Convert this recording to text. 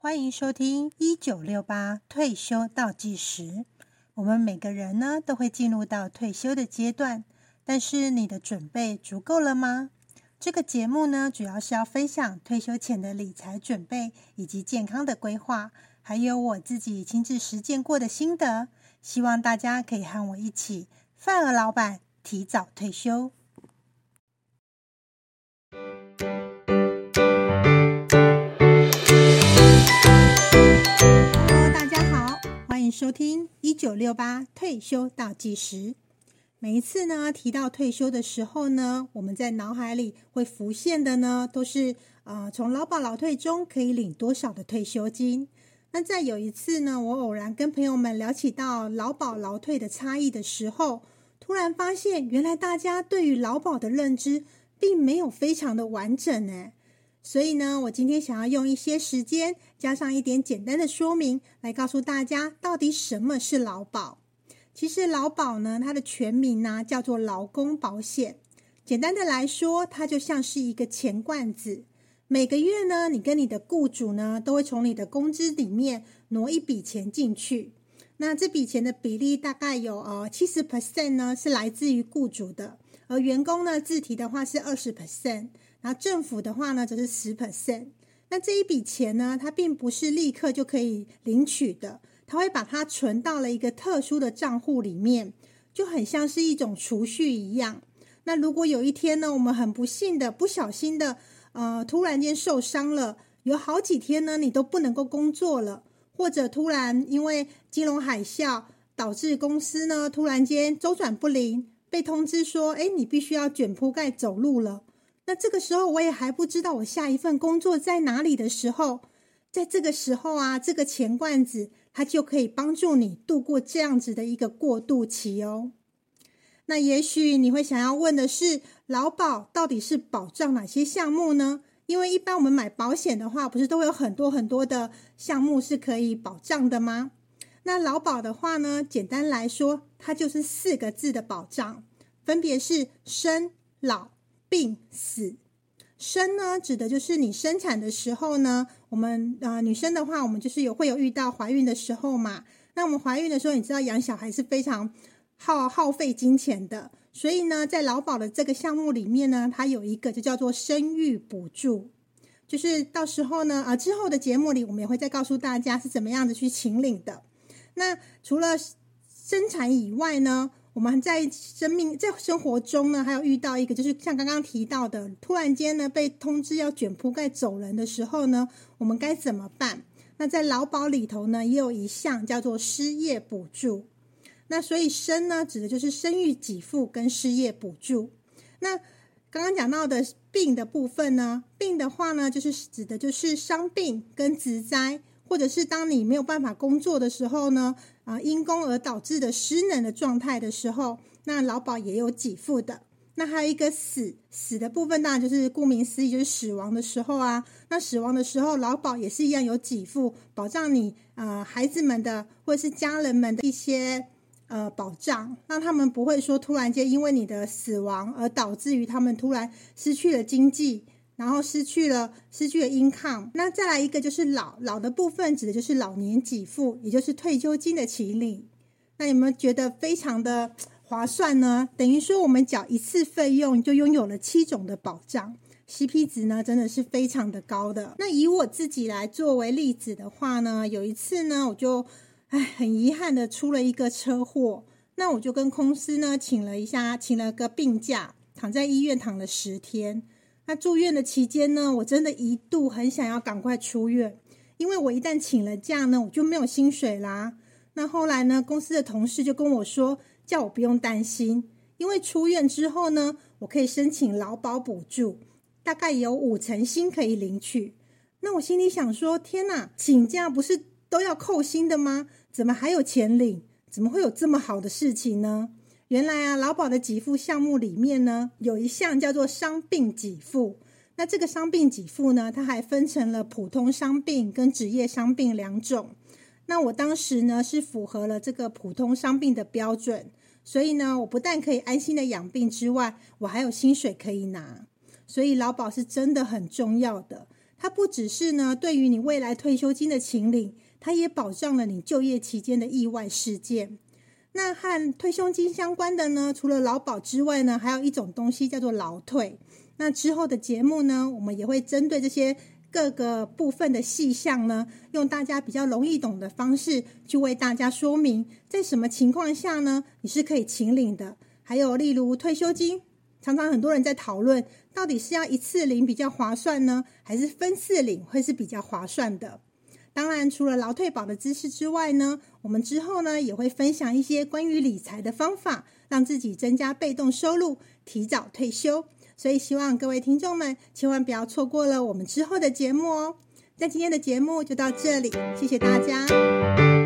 歡迎收聽《一九六八退休倒計時》。我們每個人呢，都會進入到退休的階段，但是你的準備足夠了嗎？這個節目呢，主要是要分享退休前的理財準備以及健康的規劃，還有我自己親自實踐過的心得。希望大家可以和我一起，范兒老板提早退休。收聽一九六八退休倒計時。每一次呢，提到退休的時候呢，我們在腦海裡會浮現的呢，都是呃從勞保勞退中可以領多少的退休金。那在有一次呢，我偶然跟朋友們聊起到勞保勞退的差異的時候，突然發現原來大家對於勞保的認知並沒有非常的完整哎。所以呢，我今天想要用一些時間，加上一點簡單的說明，來告訴大家到底什麼是勞保。其實勞保呢，它的全名呢，啊，叫做勞工保險。簡單的來說，它就像是一個錢罐子。每個月呢，你跟你的雇主呢，都會從你的工資裡面挪一筆錢進去。那這筆錢的比例大概有呃七十 percent 呢是來自於雇主的，而員工呢自提的話是二十 percent。然後政府的話呢，則是十 percent。那這一筆錢呢，它並不是立刻就可以領取的，它會把它存到了一個特殊的賬戶裡面，就很像是一種儲蓄一樣。那如果有一天呢，我們很不幸的，不小心的，呃，突然間受傷了，有好幾天呢，你都不能夠工作了，或者突然因為金融海嘯導致公司呢，突然間周轉不靈，被通知說，哎，你必須要捲鋪蓋走路了。那這個時候，我也還不知道我下一份工作在哪裡的時候，在這個時候啊，這個錢罐子它就可以幫助你度過這樣子的一個過渡期哦。那也許你會想要問的是，勞保到底是保障哪些項目呢？因為一般我們買保險的話，不是都會有很多很多的項目是可以保障的嗎？那勞保的話呢，簡單來說，它就是四個字的保障，分別是生老。病死。生呢，指的就是你生產的時候呢，我們呃女生的話，我們就是有會有遇到懷孕的時候嘛。那我們懷孕的時候，你知道養小孩是非常耗耗費金錢的，所以呢，在勞保的這個項目裡面呢，它有一個就叫做生育補助，就是到時候呢，啊、呃、之後的節目裡，我們也會再告訴大家是怎麼樣子去請領的。那除了生產以外呢？我們在生命在生活中呢，還有遇到一個，就是像剛剛提到的，突然間呢被通知要捲鋪蓋走人的時候呢，我們該怎麼辦？那在勞保裡頭呢，也有一項叫做失業補助。那所以生呢，指的就是生育給付跟失業補助。那剛剛講到的病的部分呢，病的話呢，就是指的就是傷病跟職災，或者是當你沒有辦法工作的時候呢。啊，因公而導致的失能的狀態的時候，那勞保也有給付的。那還有一個死死，的部分，當然就是顧名思義，就是死亡的時候啊。那死亡的時候，勞保也是一樣有給付，保障你呃孩子們的或者是家人們的一些呃保障，讓他們不會說突然間因為你的死亡而導致於他們突然失去了經濟。然後失去了失去了 income，那再來一個就是老老的部分，指的就是老年給付，也就是退休金的請領。那有沒有覺得非常的划算呢？等於說我們繳一次費用就擁有了七種的保障，CP 值呢真的是非常的高的。那以我自己來作為例子的話呢，有一次呢我就哎很遺憾的出了一個車禍，那我就跟公司呢請了一下，請了個病假，躺在醫院躺了十天。那住院的期間呢，我真的一度很想要趕快出院，因為我一旦請了假呢，我就沒有薪水啦，啊。那後來呢，公司的同事就跟我說，叫我不用擔心，因為出院之後呢，我可以申請勞保補助，大概有五成薪可以領取。那我心裡想說，天哪，請假不是都要扣薪的嗎？怎麼還有錢領？怎麼會有這麼好的事情呢？原來啊，勞保的給付項目裡面呢，有一項叫做傷病給付。那這個傷病給付呢，它還分成了普通傷病跟職業傷病兩種。那我當時呢，是符合了這個普通傷病的標準，所以呢，我不但可以安心的養病之外，我還有薪水可以拿。所以勞保是真的很重要的，它不只是呢對於你未來退休金的請領，它也保障了你就業期間的意外事件。那和退休金相關的呢，除了勞保之外呢，還有一種東西叫做勞退。那之後的節目呢，我們也會針對這些各個部分的細項呢，用大家比較容易懂的方式，去為大家說明，在什麼情況下呢，你是可以請領的。還有例如退休金，常常很多人在討論，到底是要一次領比較划算呢，還是分次領會是比較划算的？當然，除了勞退、勞保的知識之外呢，我們之後呢也會分享一些關於理財的方法，讓自己增加被動收入，提早退休。所以，希望各位聽眾們千萬不要錯過了我們之後的節目哦。那今天的節目就到這裡，謝謝大家。